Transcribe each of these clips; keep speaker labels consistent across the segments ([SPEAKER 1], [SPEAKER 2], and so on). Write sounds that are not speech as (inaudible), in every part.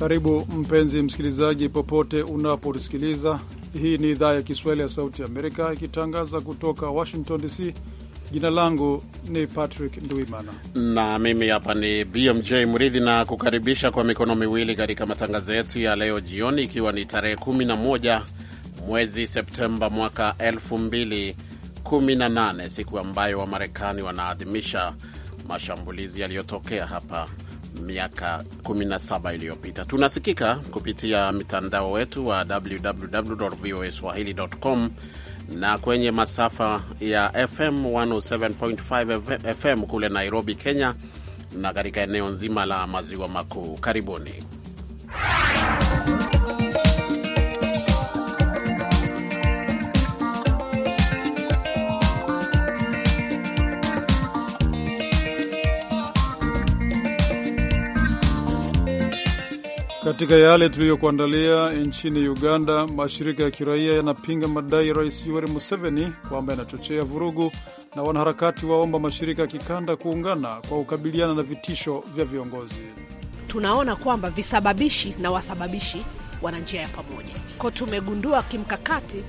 [SPEAKER 1] Karibu mpenzi msikilizaji, popote unapotusikiliza. Hii ni idhaa ya Kiswahili ya Sauti ya Amerika ikitangaza kutoka Washington DC. Jina langu ni Patrick Ndwimana
[SPEAKER 2] na mimi hapa ni BMJ Mridhi na kukaribisha kwa mikono miwili katika matangazo yetu ya leo jioni, ikiwa ni tarehe 11 mwezi Septemba mwaka 2018, siku ambayo Wamarekani wanaadhimisha mashambulizi yaliyotokea hapa miaka 17 iliyopita. Tunasikika kupitia mitandao wetu wa www.voaswahili.com na kwenye masafa ya FM 107.5 FM kule Nairobi, Kenya na katika eneo nzima la maziwa makuu. Karibuni.
[SPEAKER 1] Katika yale tuliyokuandalia, nchini Uganda mashirika ya kiraia yanapinga madai ya Rais Yoweri Museveni kwamba yanachochea vurugu, na wanaharakati waomba mashirika ya kikanda kuungana kwa kukabiliana na vitisho vya viongozi.
[SPEAKER 3] Tunaona kwamba visababishi na wasababishi wana njia ya pamoja, ko tumegundua kimkakati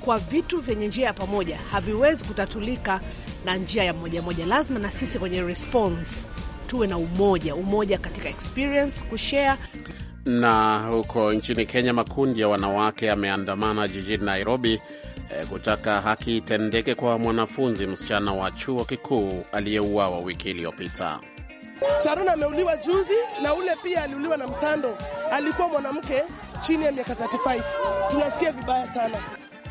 [SPEAKER 3] kwa vitu vyenye njia ya pamoja haviwezi kutatulika na njia ya moja moja. Lazima na sisi kwenye response tuwe na umoja, umoja katika experience kushare
[SPEAKER 2] na huko nchini Kenya, makundi ya wanawake yameandamana jijini Nairobi e, kutaka haki itendeke kwa mwanafunzi msichana wa chuo kikuu aliyeuawa wiki iliyopita.
[SPEAKER 4] Sharon ameuliwa juzi na ule pia aliuliwa na msando, alikuwa mwanamke chini ya miaka 35. Tunasikia vibaya sana.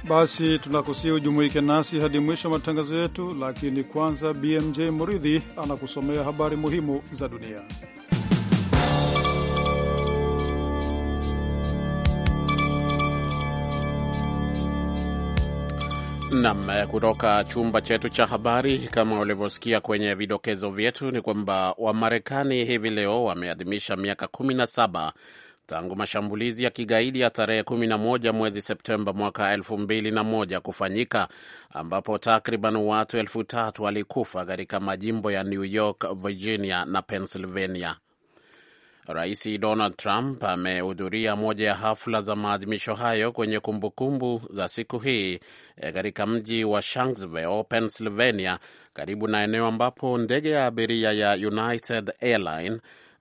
[SPEAKER 1] Basi tunakusihi ujumuike nasi hadi mwisho wa matangazo yetu, lakini kwanza BMJ Muridhi anakusomea habari muhimu za dunia.
[SPEAKER 2] Nam, eh, kutoka chumba chetu cha habari. Kama ulivyosikia kwenye vidokezo vyetu, ni kwamba Wamarekani hivi leo wameadhimisha miaka 17 tangu mashambulizi ya kigaidi ya tarehe 11 mwezi Septemba mwaka 2001 kufanyika, ambapo takriban watu elfu tatu walikufa katika majimbo ya New York, Virginia na Pennsylvania. Rais Donald Trump amehudhuria moja ya hafla za maadhimisho hayo kwenye kumbukumbu kumbu za siku hii e, katika mji wa Shanksville, Pennsylvania, karibu na eneo ambapo ndege ya abiria ya United Airline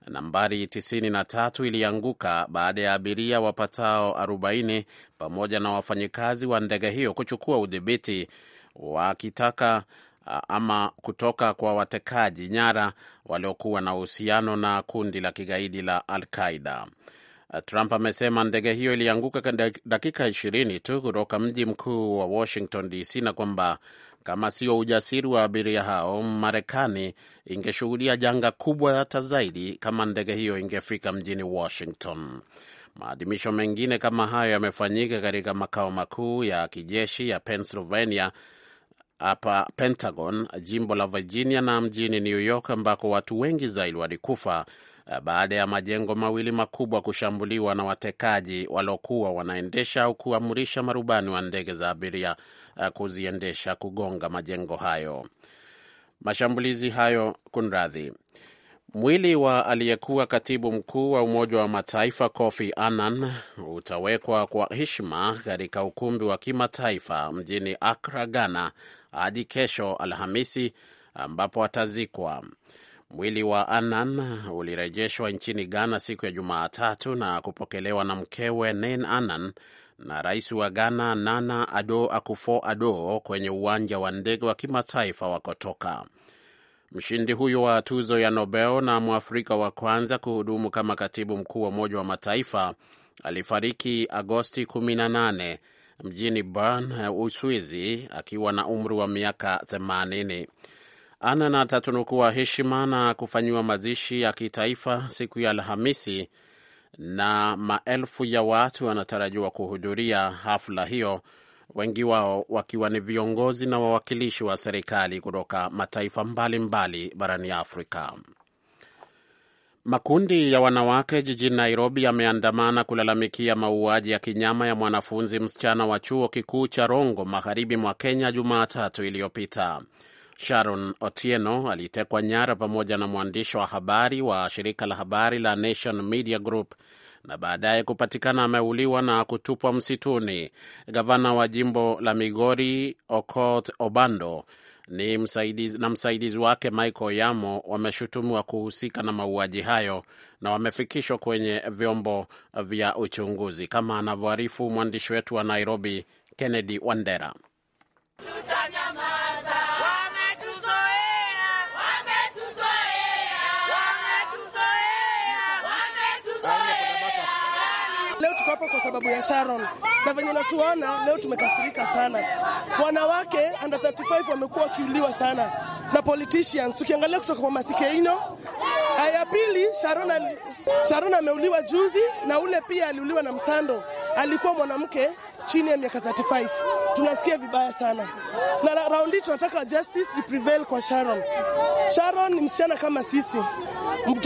[SPEAKER 2] nambari 93 ilianguka baada ya abiria wapatao 40 pamoja na wafanyikazi wa ndege hiyo kuchukua udhibiti wakitaka ama kutoka kwa watekaji nyara waliokuwa na uhusiano na kundi la kigaidi la Al Qaida. Trump amesema ndege hiyo ilianguka dakika ishirini tu kutoka mji mkuu wa Washington DC, na kwamba kama sio ujasiri wa abiria hao, Marekani ingeshuhudia janga kubwa hata zaidi kama ndege hiyo ingefika mjini Washington. Maadhimisho mengine kama hayo yamefanyika katika makao makuu ya kijeshi ya Pennsylvania hapa Pentagon, jimbo la Virginia na mjini New York ambako watu wengi zaidi walikufa eh, baada ya majengo mawili makubwa kushambuliwa na watekaji waliokuwa wanaendesha au kuamrisha marubani wa ndege za abiria eh, kuziendesha kugonga majengo hayo. Mashambulizi hayo kunradhi. Mwili wa aliyekuwa katibu mkuu wa Umoja wa Mataifa Kofi Annan utawekwa kwa heshima katika ukumbi wa kimataifa mjini Akra, Ghana hadi kesho Alhamisi ambapo atazikwa. Mwili wa Anan ulirejeshwa nchini Ghana siku ya Jumatatu na kupokelewa na mkewe Nen Anan na rais wa Ghana Nana Ado Akufo Ado kwenye uwanja wa ndege wa kimataifa wa Kotoka. Mshindi huyo wa tuzo ya Nobel na Mwafrika wa kwanza kuhudumu kama katibu mkuu wa Umoja wa Mataifa alifariki Agosti mjini Bern, eh, Uswizi, akiwa na umri wa miaka 80. Annan atatunukuwa heshima na kufanyiwa mazishi ya kitaifa siku ya Alhamisi, na maelfu ya watu wanatarajiwa kuhudhuria hafla hiyo, wengi wao wakiwa ni viongozi na wawakilishi wa serikali kutoka mataifa mbalimbali mbali barani Afrika. Makundi ya wanawake jijini Nairobi yameandamana kulalamikia mauaji ya kinyama ya mwanafunzi msichana wa chuo kikuu cha Rongo magharibi mwa Kenya Jumatatu iliyopita. Sharon Otieno alitekwa nyara pamoja na mwandishi wa habari wa shirika la habari la Nation Media Group na baadaye kupatikana ameuliwa na kutupwa msituni. Gavana wa jimbo la Migori Okot Obando ni msaidizi, na msaidizi wake Michael Yamo wameshutumiwa kuhusika na mauaji hayo na wamefikishwa kwenye vyombo vya uchunguzi, kama anavyoarifu mwandishi wetu wa Nairobi Kennedy Wandera
[SPEAKER 5] Tutanyama.
[SPEAKER 4] hapa kwa sababu ya Sharon, na venye natuona leo tumekasirika sana. Wanawake under 35 wamekuwa wakiuliwa sana na politicians, ukiangalia kutoka kwa Masikeino. Ah, ya pili, Sharon ameuliwa juzi, na ule pia aliuliwa na Msando, alikuwa mwanamke chini ya miaka 35 tunasikia vibaya sana, na raundi tunataka justice iprevail kwa Sharon. Sharon ni msichana kama sisi,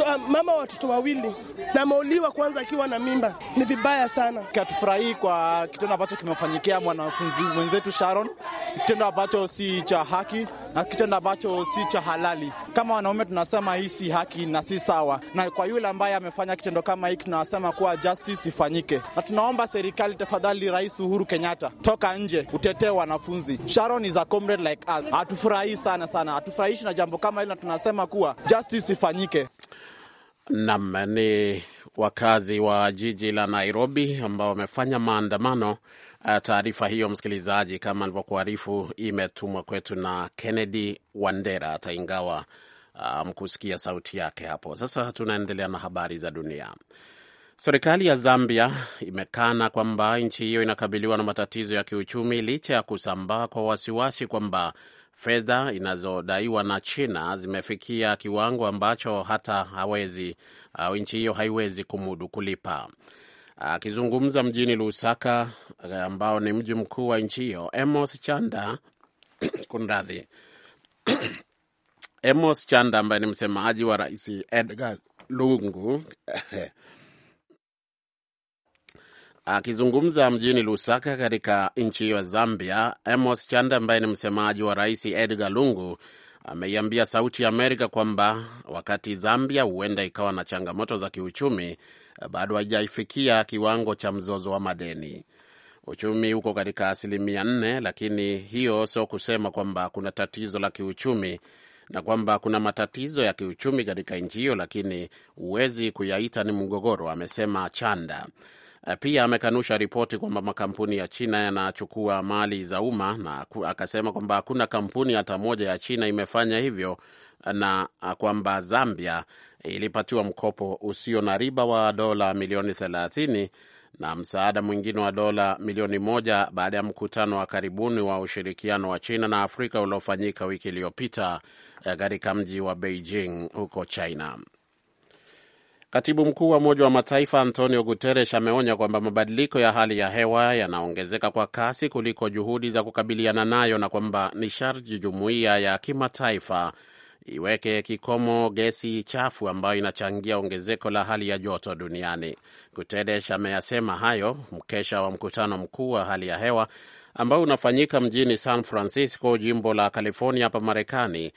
[SPEAKER 4] ah, mama wa watoto wawili na mauliwa kwanza akiwa na mimba, ni vibaya sana. Hatufurahii kwa kitendo ambacho kimefanyikia mwanafunzi mwenzetu Sharon, kitendo ambacho si cha haki na kitendo ambacho si cha halali. Kama wanaume tunasema hii si haki na si sawa, na kwa yule ambaye amefanya kitendo kama hiki tunasema kuwa justice ifanyike, na tunaomba serikali tafadhali, Rais Uhuru Kenyatta, toka nje, utetee wanafunzi. Sharon is a comrade like us. Hatufurahii sana sana, hatufurahishi na jambo kama hili, na tunasema kuwa justice ifanyike.
[SPEAKER 2] Nam ni wakazi wa jiji la Nairobi ambao wamefanya maandamano Uh, taarifa hiyo msikilizaji, kama alivyokuarifu, imetumwa kwetu na Kennedy Wandera, hata ingawa uh, mkusikia um, sauti yake hapo. Sasa tunaendelea na habari za dunia. Serikali ya Zambia imekana kwamba nchi hiyo inakabiliwa na matatizo ya kiuchumi licha ya kusambaa kwa wasiwasi kwamba fedha inazodaiwa na China zimefikia kiwango ambacho hata hawezi au uh, nchi hiyo haiwezi kumudu kulipa. Akizungumza mjini Lusaka, ambao ni mji mkuu wa nchi hiyo, Amos Chanda (coughs) kunradhi (coughs) Amos Chanda ambaye ni msemaji wa Rais Edgar Lungu (coughs) akizungumza mjini Lusaka katika nchi hiyo ya Zambia, Amos Chanda ambaye ni msemaji wa Rais Edgar Lungu ameiambia Sauti ya Amerika kwamba wakati Zambia huenda ikawa na changamoto za kiuchumi bado haijaifikia kiwango cha mzozo wa madeni. Uchumi uko katika asilimia nne, lakini hiyo sio kusema kwamba kuna tatizo la kiuchumi na kwamba kuna matatizo ya kiuchumi katika nchi hiyo, lakini huwezi kuyaita ni mgogoro, amesema Chanda. Pia amekanusha ripoti kwamba makampuni ya China yanachukua mali za umma, na akasema kwamba hakuna kampuni hata moja ya China imefanya hivyo, na ah, kwamba Zambia ilipatiwa mkopo usio na riba wa dola milioni 30 na msaada mwingine wa dola milioni moja baada ya mkutano wa karibuni wa ushirikiano wa China na Afrika uliofanyika wiki iliyopita eh, katika mji wa Beijing huko China. Katibu mkuu wa Umoja wa Mataifa Antonio Guterres ameonya kwamba mabadiliko ya hali ya hewa yanaongezeka kwa kasi kuliko juhudi za kukabiliana nayo na kwamba ni sharti jumuiya ya kimataifa iweke kikomo gesi chafu ambayo inachangia ongezeko la hali ya joto duniani. Guterres ameyasema hayo mkesha wa mkutano mkuu wa hali ya hewa ambao unafanyika mjini San Francisco, jimbo la California hapa Marekani,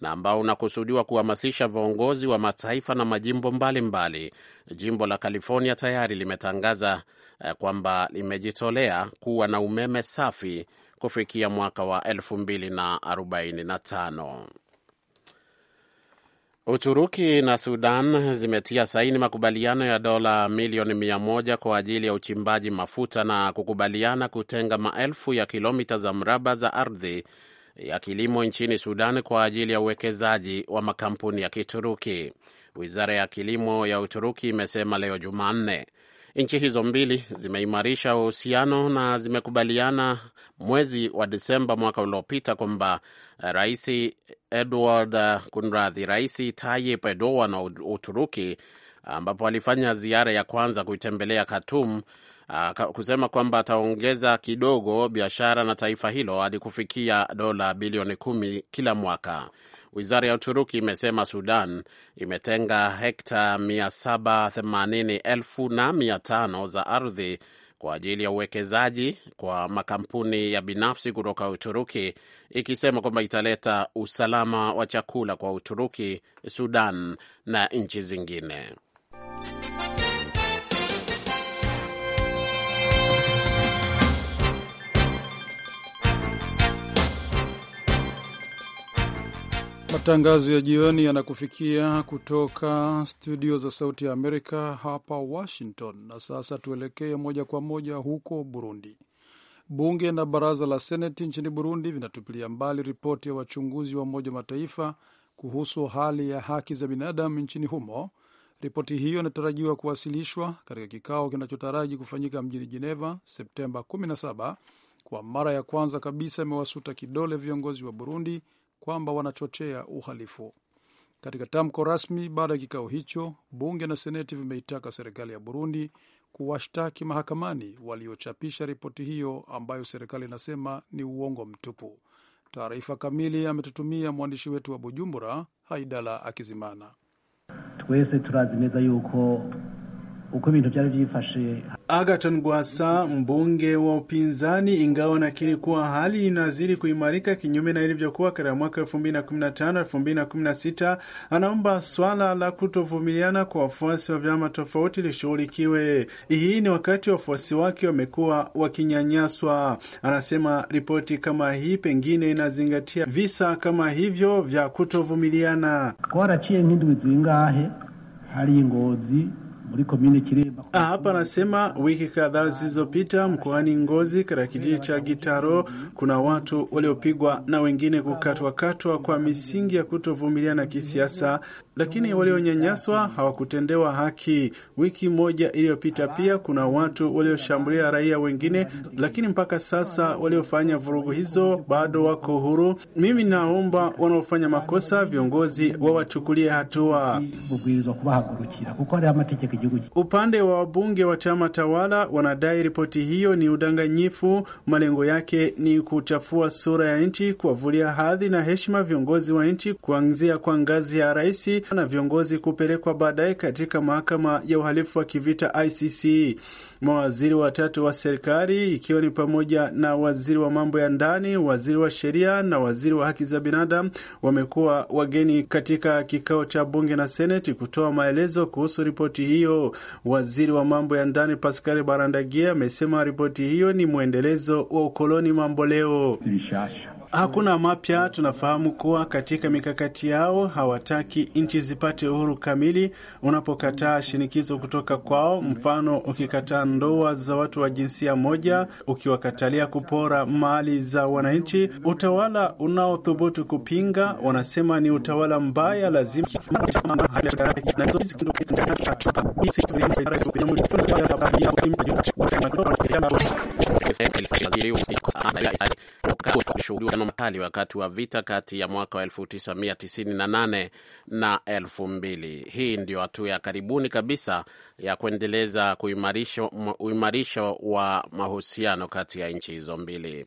[SPEAKER 2] na ambao unakusudiwa kuhamasisha viongozi wa mataifa na majimbo mbalimbali mbali. Jimbo la California tayari limetangaza eh, kwamba limejitolea kuwa na umeme safi kufikia mwaka wa 2045. Uturuki na Sudan zimetia saini makubaliano ya dola milioni mia moja kwa ajili ya uchimbaji mafuta na kukubaliana kutenga maelfu ya kilomita za mraba za ardhi ya kilimo nchini Sudan kwa ajili ya uwekezaji wa makampuni ya Kituruki. Wizara ya kilimo ya Uturuki imesema leo Jumanne Nchi hizo mbili zimeimarisha uhusiano na zimekubaliana mwezi wa Desemba mwaka uliopita kwamba Rais Edward uh, kunradhi, Rais Tayyip Erdogan wa Uturuki, ambapo alifanya ziara ya kwanza kuitembelea Khartoum uh, kusema kwamba ataongeza kidogo biashara na taifa hilo hadi kufikia dola bilioni kumi kila mwaka. Wizara ya Uturuki imesema Sudan imetenga hekta 780,500 za ardhi kwa ajili ya uwekezaji kwa makampuni ya binafsi kutoka Uturuki, ikisema kwamba italeta usalama wa chakula kwa Uturuki, Sudan na nchi zingine.
[SPEAKER 1] Matangazo ya jioni yanakufikia kutoka studio za Sauti ya Amerika hapa Washington. Na sasa tuelekee moja kwa moja huko Burundi. Bunge na baraza la seneti nchini Burundi vinatupilia mbali ripoti ya wachunguzi wa Umoja wa Mataifa kuhusu hali ya haki za binadamu nchini humo. Ripoti hiyo inatarajiwa kuwasilishwa katika kikao kinachotaraji kufanyika mjini Jeneva Septemba 17. Kwa mara ya kwanza kabisa imewasuta kidole viongozi wa Burundi kwamba wanachochea uhalifu. Katika tamko rasmi baada ya kikao hicho, bunge na seneti vimeitaka serikali ya Burundi kuwashtaki mahakamani waliochapisha ripoti hiyo ambayo serikali inasema ni uongo mtupu. Taarifa kamili ametutumia mwandishi wetu wa Bujumbura,
[SPEAKER 4] Haidala Akizimana. twese turazimeza yuko uko gwasa mbunge wa upinzani, ingawa nakiri kuwa hali inazidi kuimarika kinyume na ilivyokuwa katika mwaka na sita anaomba swala la kutovumiliana kwa wafuasi wa vyama tofauti lishughulikiwe. Hii ni wakati wafuasi wake wamekuwa wakinyanyaswa. Anasema ripoti kama hii pengine inazingatia visa kama hivyo vya kutovumiliana. hari Ah, hapa anasema wiki kadhaa zilizopita mkoani Ngozi, katika kijiji cha Gitaro, kuna watu waliopigwa na wengine kukatwakatwa kwa misingi ya kutovumiliana kisiasa lakini walionyanyaswa hawakutendewa haki. Wiki moja iliyopita pia kuna watu walioshambulia raia wengine, lakini mpaka sasa waliofanya vurugu hizo bado wako huru. Mimi naomba wanaofanya makosa viongozi wawachukulie hatua. Upande wa wabunge wa chama tawala wanadai ripoti hiyo ni udanganyifu, malengo yake ni kuchafua sura ya nchi, kuwavulia hadhi na heshima viongozi wa nchi kuanzia kwa ngazi ya rais na viongozi kupelekwa baadaye katika mahakama ya uhalifu wa kivita ICC. Mawaziri watatu wa serikali ikiwa ni pamoja na waziri wa mambo ya ndani, waziri wa sheria na waziri wa haki za binadamu wamekuwa wageni katika kikao cha bunge na seneti kutoa maelezo kuhusu ripoti hiyo. Waziri wa mambo ya ndani Pascal Barandagie amesema ripoti hiyo ni mwendelezo wa ukoloni mambo leo. Hakuna mapya. Tunafahamu kuwa katika mikakati yao hawataki nchi zipate uhuru kamili. Unapokataa shinikizo kutoka kwao, mfano ukikataa ndoa za watu wa jinsia moja, ukiwakatalia kupora mali za wananchi, utawala unaothubutu kupinga wanasema ni utawala mbaya, lazima
[SPEAKER 2] mapigano makali wakati wa vita kati ya mwaka wa 1998 na 2000. Hii ndio hatua ya karibuni kabisa ya kuendeleza uimarisho wa mahusiano kati ya nchi hizo mbili.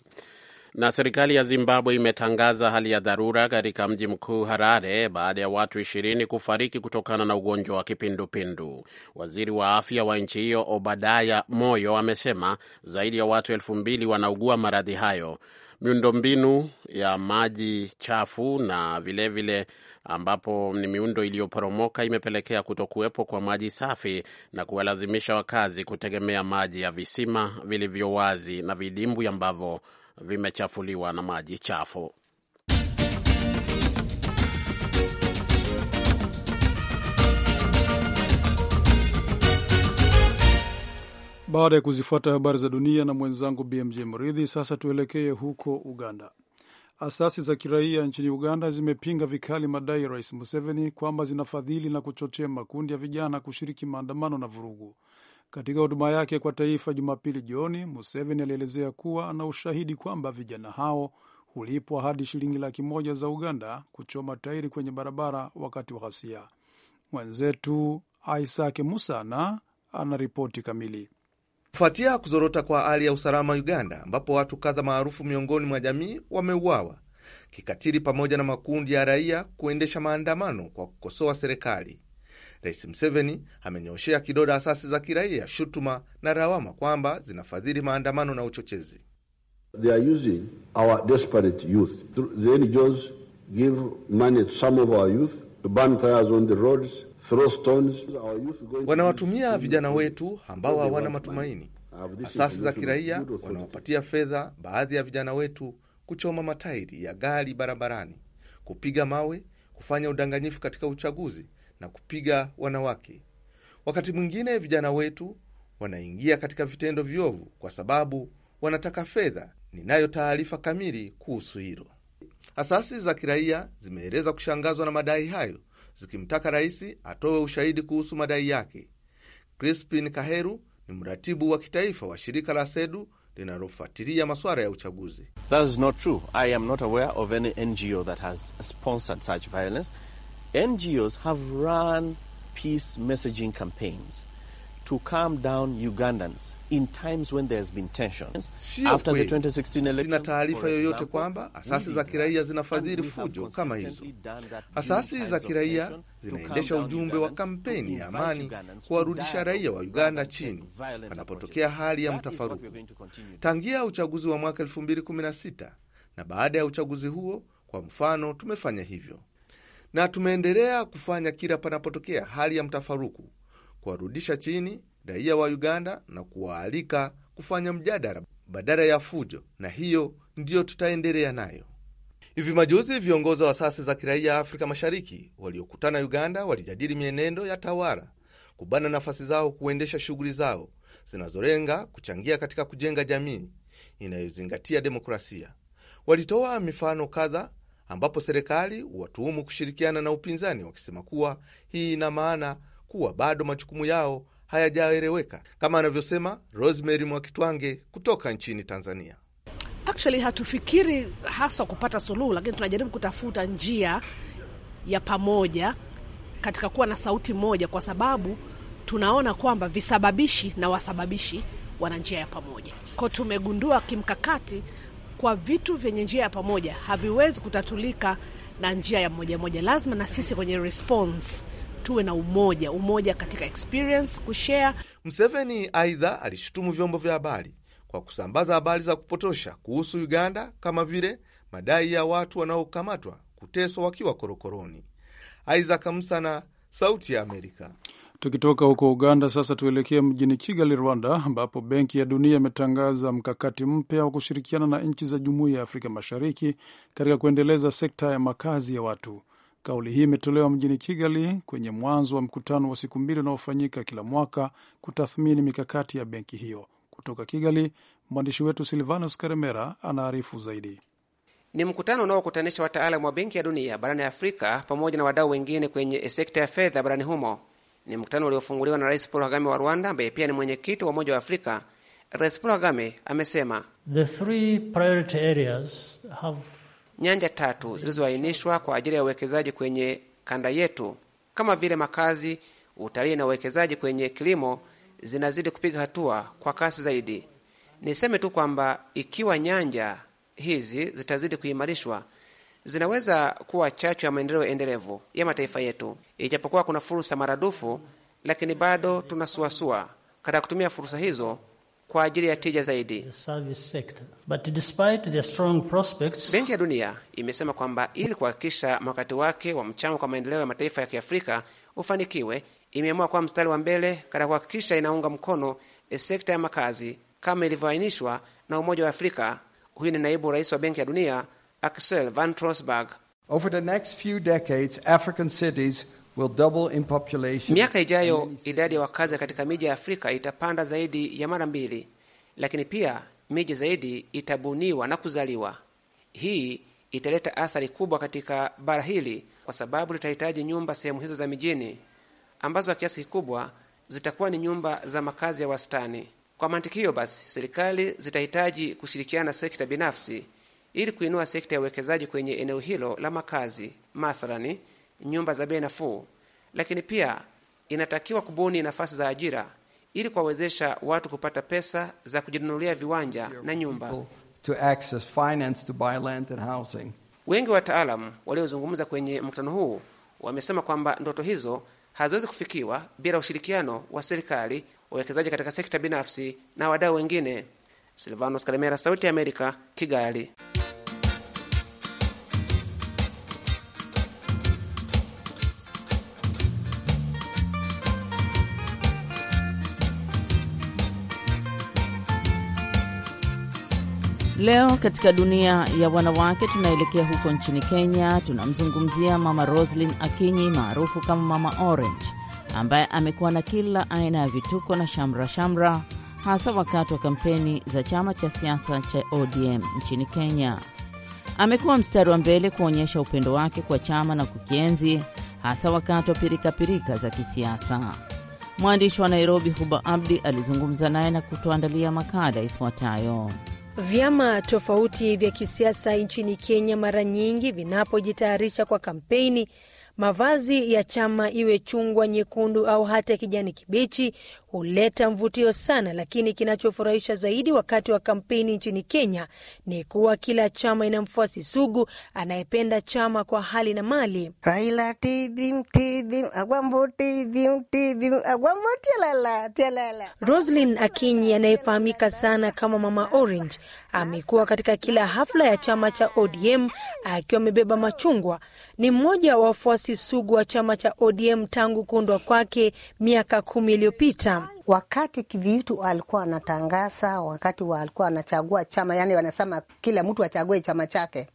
[SPEAKER 2] Na serikali ya Zimbabwe imetangaza hali ya dharura katika mji mkuu Harare baada ya watu ishirini kufariki kutokana na ugonjwa wa kipindupindu. Waziri wa afya wa nchi hiyo Obadaya Moyo amesema zaidi ya watu elfu mbili wanaugua maradhi hayo miundombinu ya maji chafu na vilevile vile ambapo ni miundo iliyoporomoka imepelekea kutokuwepo kwa maji safi na kuwalazimisha wakazi kutegemea maji ya visima vilivyo wazi na vidimbwi ambavyo vimechafuliwa na maji chafu.
[SPEAKER 1] Baada ya kuzifuata habari za dunia na mwenzangu BMJ Mridhi, sasa tuelekee huko Uganda. Asasi za kiraia nchini Uganda zimepinga vikali madai ya Rais Museveni kwamba zinafadhili na kuchochea makundi ya vijana kushiriki maandamano na vurugu. Katika hotuba yake kwa taifa Jumapili jioni, Museveni alielezea kuwa ana ushahidi kwamba vijana hao hulipwa hadi shilingi laki moja za Uganda kuchoma tairi kwenye barabara wakati wa ghasia. Mwenzetu Isaac Musana
[SPEAKER 6] anaripoti kamili kufuatia kuzorota kwa hali ya usalama Uganda, ambapo watu kadha maarufu miongoni mwa jamii wameuawa kikatili pamoja na makundi ya raia kuendesha maandamano kwa kukosoa serikali. Rais Museveni amenyoshea kidole asasi za kiraia shutuma na lawama kwamba zinafadhili maandamano na uchochezi. They Wanawatumia vijana wetu ambao hawana matumaini. Asasi za kiraia wanawapatia fedha baadhi ya vijana wetu kuchoma matairi ya gari barabarani, kupiga mawe, kufanya udanganyifu katika uchaguzi na kupiga wanawake. Wakati mwingine vijana wetu wanaingia katika vitendo viovu kwa sababu wanataka fedha. Ninayo taarifa kamili kuhusu hilo. Asasi za kiraia zimeeleza kushangazwa na madai hayo zikimtaka rais atoe ushahidi kuhusu madai yake. Crispin Kaheru ni mratibu wa kitaifa wa shirika la SEDU linalofuatilia masuala ya uchaguzi.
[SPEAKER 2] That is not true. I am not aware of any NGO that has sponsored such violence.
[SPEAKER 4] NGOs have run peace messaging campaigns to calm down Ugandans in times when has been tensions after the 2016 election. Sina
[SPEAKER 6] taarifa yoyote kwamba asasi za kiraia zinafadhili fujo kama hizo. Asasi za kiraia zinaendesha ujumbe wa kampeni ya amani kuwarudisha raia wa Uganda chini panapotokea hali ya mtafaruku. Tangia uchaguzi wa mwaka 2016 na baada ya uchaguzi huo, kwa mfano, tumefanya hivyo na tumeendelea kufanya kila panapotokea hali ya mtafaruku kuwarudisha chini raia wa Uganda na kuwaalika kufanya mjadala badala ya fujo, na hiyo ndiyo tutaendelea nayo. Hivi majuzi viongozi wa asasi za kiraia Afrika Mashariki waliokutana Uganda walijadili mienendo ya tawala kubana nafasi zao kuendesha shughuli zao zinazolenga kuchangia katika kujenga jamii inayozingatia demokrasia. Walitoa mifano kadha ambapo serikali watuhumu kushirikiana na upinzani, wakisema kuwa hii ina maana kuwa bado majukumu yao hayajaeleweka, kama anavyosema Rosemary Mwakitwange kutoka nchini Tanzania.
[SPEAKER 3] Actually, hatufikiri haswa kupata suluhu, lakini tunajaribu kutafuta njia ya pamoja katika kuwa na sauti moja, kwa sababu tunaona kwamba visababishi na wasababishi wana njia ya pamoja. ko tumegundua kimkakati kwa vitu vyenye njia ya pamoja haviwezi kutatulika na njia ya moja moja, lazima na sisi
[SPEAKER 6] kwenye response tuwe na umoja, umoja katika experience kushare. Mseveni aidha alishutumu vyombo vya habari kwa kusambaza habari za kupotosha kuhusu Uganda kama vile madai ya watu wanaokamatwa kuteswa wakiwa korokoroni. Isaac Msana, Sauti ya Amerika.
[SPEAKER 1] Tukitoka huko Uganda sasa tuelekee mjini Kigali, Rwanda, ambapo Benki ya Dunia imetangaza mkakati mpya wa kushirikiana na nchi za Jumuiya ya Afrika Mashariki katika kuendeleza sekta ya makazi ya watu. Kauli hii imetolewa mjini Kigali kwenye mwanzo wa mkutano wa siku mbili unaofanyika kila mwaka kutathmini mikakati ya benki hiyo. Kutoka Kigali, mwandishi wetu Silvanos Karemera anaarifu
[SPEAKER 5] zaidi. Ni mkutano unaokutanisha wataalamu wa Benki ya Dunia barani Afrika pamoja na wadau wengine kwenye sekta ya fedha barani humo. Ni mkutano uliofunguliwa na Rais Paul Kagame wa Rwanda, ambaye pia ni mwenyekiti wa Umoja wa Afrika. Rais Paul Kagame amesema
[SPEAKER 2] The three priority areas have
[SPEAKER 5] nyanja tatu zilizoainishwa kwa ajili ya uwekezaji kwenye kanda yetu kama vile makazi, utalii na uwekezaji kwenye kilimo zinazidi kupiga hatua kwa kasi zaidi. Niseme tu kwamba ikiwa nyanja hizi zitazidi kuimarishwa, zinaweza kuwa chachu ya maendeleo endelevu ya mataifa yetu. Ijapokuwa kuna fursa maradufu, lakini bado tunasuasua katika kutumia fursa hizo kwa ajili ya tija zaidi. Benki ya Dunia imesema kwamba ili kuhakikisha mwakati wake wa mchango kwa maendeleo ya mataifa ya Kiafrika ufanikiwe, imeamua kuwa mstari wa mbele katika kuhakikisha inaunga mkono eh, sekta ya makazi kama ilivyoainishwa na Umoja wa Afrika. Huyu ni naibu rais wa Benki ya Dunia Axel Van Trosberg.
[SPEAKER 1] Over the next few decades, African cities Miaka ijayo
[SPEAKER 5] idadi ya wakazi katika miji ya Afrika itapanda zaidi ya mara mbili, lakini pia miji zaidi itabuniwa na kuzaliwa. Hii italeta athari kubwa katika bara hili, kwa sababu litahitaji nyumba sehemu hizo za mijini ambazo kwa kiasi kikubwa zitakuwa ni nyumba za makazi ya wastani. Kwa mantiki hiyo basi, serikali zitahitaji kushirikiana na sekta binafsi ili kuinua sekta ya uwekezaji kwenye eneo hilo la makazi mathalani nyumba za bei nafuu, lakini pia inatakiwa kubuni nafasi za ajira ili kuwawezesha watu kupata pesa za kujinunulia viwanja na nyumba.
[SPEAKER 1] To access finance to buy land and housing.
[SPEAKER 5] Wengi wa wataalamu waliozungumza kwenye mkutano huu wamesema kwamba ndoto hizo haziwezi kufikiwa bila ushirikiano wa serikali, wawekezaji katika sekta binafsi na wadau wengine. Silvanos Kalemera, Sauti ya Amerika, Kigali.
[SPEAKER 3] Leo katika dunia ya wanawake tunaelekea huko nchini Kenya. Tunamzungumzia Mama roslin Akinyi maarufu kama Mama Orange, ambaye amekuwa na kila aina ya vituko na shamra shamra, hasa wakati wa kampeni za chama cha siasa cha ODM nchini Kenya. Amekuwa mstari wa mbele kuonyesha upendo wake kwa chama na kukienzi, hasa wakati wa pirikapirika za kisiasa. Mwandishi wa Nairobi Huba Abdi alizungumza naye na kutoandalia makala ifuatayo. Vyama tofauti vya kisiasa nchini Kenya mara nyingi vinapojitayarisha kwa kampeni, mavazi ya chama iwe chungwa, nyekundu au hata kijani kibichi huleta mvutio sana, lakini kinachofurahisha zaidi wakati wa kampeni nchini Kenya ni kuwa kila chama ina mfuasi sugu anayependa chama kwa hali na mali.
[SPEAKER 7] Raila tidim tidim agwambo tidim tidim agwambo tialala tialala.
[SPEAKER 3] Akinyi anayefahamika sana kama Mama Orange amekuwa katika kila hafla ya chama cha ODM akiwa amebeba machungwa. Ni mmoja wa wafuasi sugu wa chama cha ODM tangu kuundwa kwake miaka kumi iliyopita wakati kivitu alikuwa anatangaza, wakati wa alikuwa
[SPEAKER 7] anachagua chama, yani wanasema kila mtu achague chama chake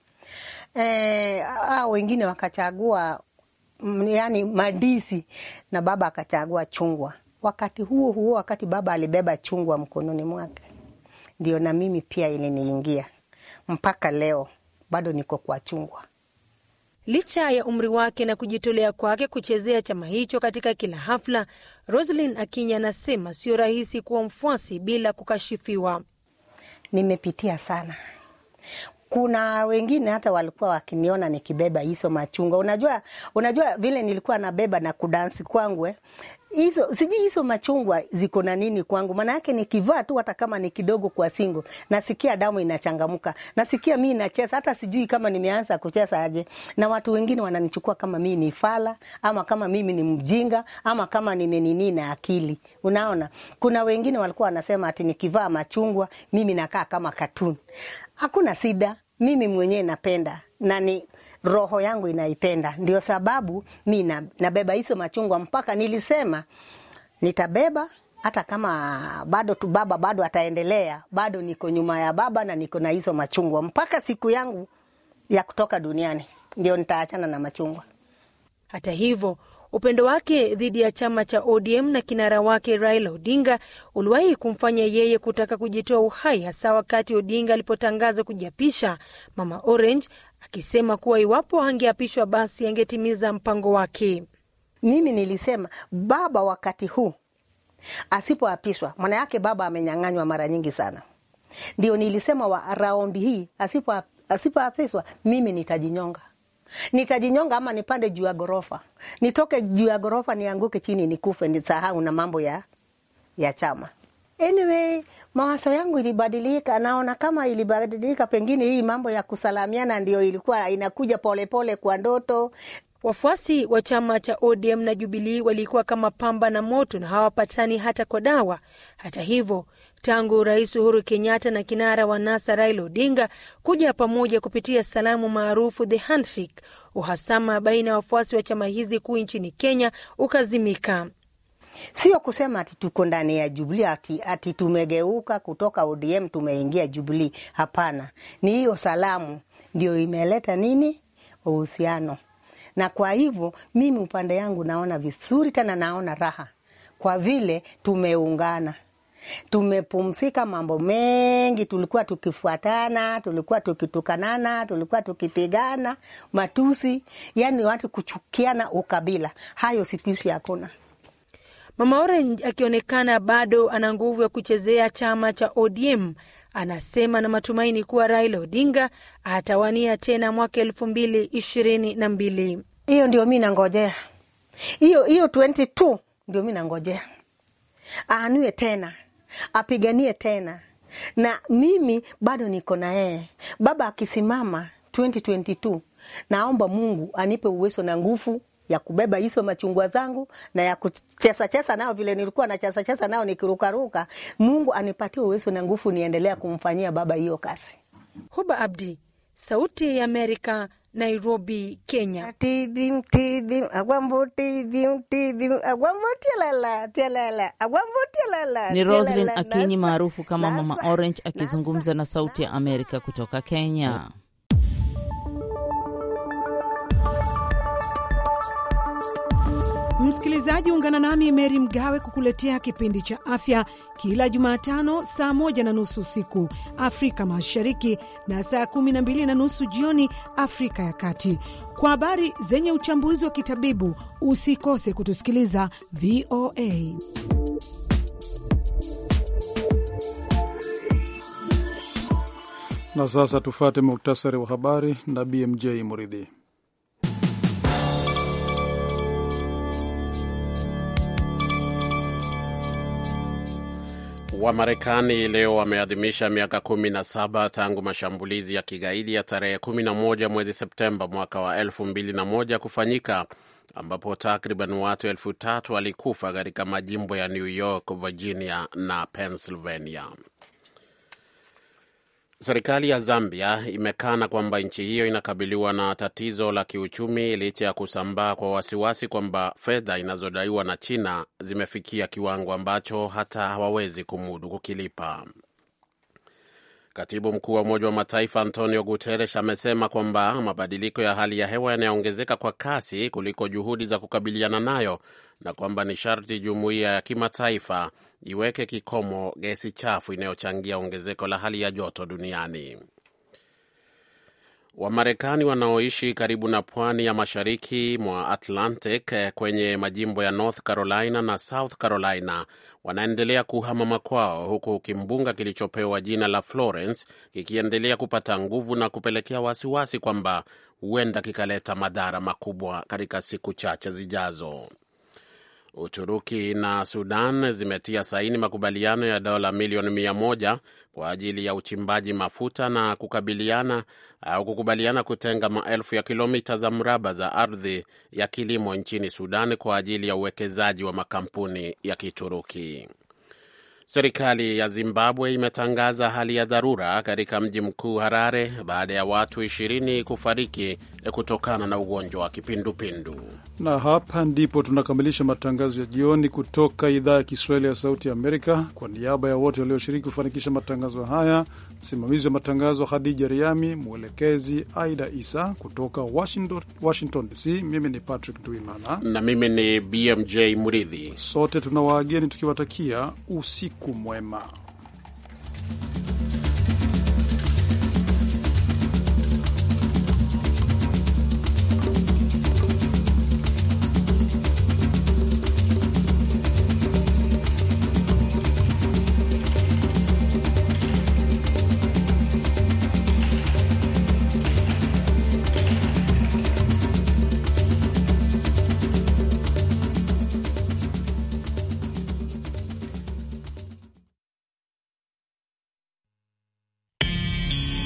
[SPEAKER 7] e, au wengine wakachagua mm, yani madisi na baba akachagua chungwa. Wakati huo huo, wakati baba alibeba chungwa mkononi mwake, ndio na mimi pia iliniingia mpaka leo bado niko kwa chungwa.
[SPEAKER 3] Licha ya umri wake na kujitolea kwake kuchezea chama hicho katika kila hafla, roslin Akinya anasema sio rahisi kuwa mfuasi bila kukashifiwa.
[SPEAKER 7] Nimepitia sana. Kuna wengine hata walikuwa wakiniona nikibeba hizo machungwa. Unajua, unajua vile nilikuwa nabeba na kudansi kwangu eh, hizo sijui hizo machungwa ziko na nini kwangu, maana yake nikivaa tu hata kama ni kidogo kwa singo, nasikia damu inachangamuka, nasikia mi nacheza, hata sijui kama nimeanza kucheza aje, na watu wengine wananichukua kama mi ni fala ama kama mimi ni mjinga ama kama nimenini na akili. Unaona, kuna wengine walikuwa wanasema ati nikivaa machungwa mimi nakaa kama katuni. Hakuna sida, mimi mwenyewe napenda na ni roho yangu inaipenda. Ndio sababu mi nabeba hizo machungwa, mpaka nilisema nitabeba hata kama bado tu baba bado ataendelea, bado niko nyuma ya baba na niko na hizo machungwa mpaka siku yangu ya kutoka duniani, ndio nitaachana na machungwa. Hata
[SPEAKER 3] hivyo upendo wake dhidi ya chama cha ODM na kinara wake Raila Odinga uliwahi kumfanya yeye kutaka kujitoa uhai, hasa wakati Odinga alipotangazwa kujiapisha, Mama Orange akisema kuwa iwapo angeapishwa basi angetimiza mpango wake. Mimi nilisema baba wakati huu asipoapishwa,
[SPEAKER 7] maana yake baba amenyang'anywa mara nyingi sana. Ndio nilisema wa raundi hii asipoapishwa, mimi nitajinyonga nitajinyonga ama nipande juu ya ghorofa, nitoke juu ya ghorofa, nianguke chini, nikufe, nisahau na mambo ya, ya chama. Anyway, mawazo yangu ilibadilika, naona kama ilibadilika, pengine hii mambo ya kusalamiana ndio ilikuwa inakuja polepole pole kwa ndoto.
[SPEAKER 3] Wafuasi wa chama cha ODM na Jubilii walikuwa kama pamba na moto na hawapatani hata kwa dawa. Hata hivyo, tangu Rais Uhuru Kenyatta na kinara wa NASA Raila Odinga kuja pamoja kupitia salamu maarufu the handshake, uhasama baina ya wafuasi wa chama hizi kuu nchini Kenya ukazimika.
[SPEAKER 7] Sio kusema ati tuko ndani ya Jubilee ati, ati tumegeuka kutoka ODM tumeingia Jubilee. Hapana, ni hiyo salamu ndio imeleta nini uhusiano, na kwa hivyo mimi upande yangu naona vizuri tena, naona raha kwa vile tumeungana tumepumzika mambo mengi, tulikuwa tukifuatana, tulikuwa tukitukanana, tulikuwa tukipigana matusi, yani watu kuchukiana ukabila. Hayo siku hizi hakuna.
[SPEAKER 3] Mama Orange akionekana bado ana nguvu ya kuchezea chama cha ODM anasema na matumaini kuwa Raila Odinga atawania tena mwaka elfu mbili ishirini na mbili.
[SPEAKER 7] Hiyo ndio mi nangojea, hiyo hiyo 22 ndio mi nangojea, aanue tena, apiganie tena, na mimi bado niko na yeye. Baba akisimama 2022 naomba Mungu anipe uwezo na nguvu ya kubeba hizo machungwa zangu na ya kuchesa chesa nao vile nilikuwa na chesa chesa nao nikirukaruka. Mungu anipatie uwezo na nguvu niendelea kumfanyia baba hiyo kazi.
[SPEAKER 3] Huba Abdi, Sauti ya Amerika, Nairobi, Kenya.
[SPEAKER 7] Ni Roslyn Akinyi
[SPEAKER 3] maarufu kama Mama Orange akizungumza na Sauti ya Amerika kutoka Kenya. Msikilizaji, ungana nami Meri Mgawe kukuletea kipindi cha afya kila Jumatano saa moja na nusu usiku Afrika Mashariki na saa kumi na mbili na nusu jioni Afrika ya Kati, kwa habari zenye uchambuzi wa kitabibu. Usikose kutusikiliza VOA.
[SPEAKER 1] Na sasa tufate muktasari wa habari na BMJ Muridhi.
[SPEAKER 2] Wamarekani leo wameadhimisha miaka 17 tangu mashambulizi ya kigaidi ya tarehe 11 mwezi Septemba mwaka wa 2001 kufanyika ambapo takriban watu elfu tatu walikufa katika majimbo ya New York, Virginia na Pennsylvania. Serikali ya Zambia imekana kwamba nchi hiyo inakabiliwa na tatizo la kiuchumi licha ya kusambaa kwa wasiwasi kwamba fedha inazodaiwa na China zimefikia kiwango ambacho hata hawawezi kumudu kukilipa. Katibu mkuu wa Umoja wa Mataifa Antonio Guterres amesema kwamba mabadiliko ya hali ya hewa yanayoongezeka kwa kasi kuliko juhudi za kukabiliana nayo na kwamba ni sharti jumuiya ya kimataifa iweke kikomo gesi chafu inayochangia ongezeko la hali ya joto duniani. Wamarekani wanaoishi karibu na pwani ya mashariki mwa Atlantic kwenye majimbo ya North Carolina na South Carolina wanaendelea kuhama makwao, huku kimbunga kilichopewa jina la Florence kikiendelea kupata nguvu na kupelekea wasiwasi kwamba huenda kikaleta madhara makubwa katika siku chache zijazo. Uturuki na Sudan zimetia saini makubaliano ya dola milioni mia moja kwa ajili ya uchimbaji mafuta na kukabiliana au kukubaliana kutenga maelfu ya kilomita za mraba za ardhi ya kilimo nchini Sudan kwa ajili ya uwekezaji wa makampuni ya Kituruki. Serikali ya Zimbabwe imetangaza hali ya dharura katika mji mkuu Harare baada ya watu 20 kufariki kutokana na ugonjwa wa kipindupindu.
[SPEAKER 1] Na hapa ndipo tunakamilisha matangazo ya jioni kutoka idhaa ya Kiswahili ya Sauti ya Amerika. Kwa niaba ya wote walioshiriki kufanikisha matangazo haya, msimamizi wa matangazo Hadija Riami, mwelekezi Aida Isa kutoka Washington, Washington DC. Mimi ni Patrick Duimana
[SPEAKER 2] na mimi ni BMJ Muridhi,
[SPEAKER 1] sote waageni tukiwatakia usiku usiku mwema.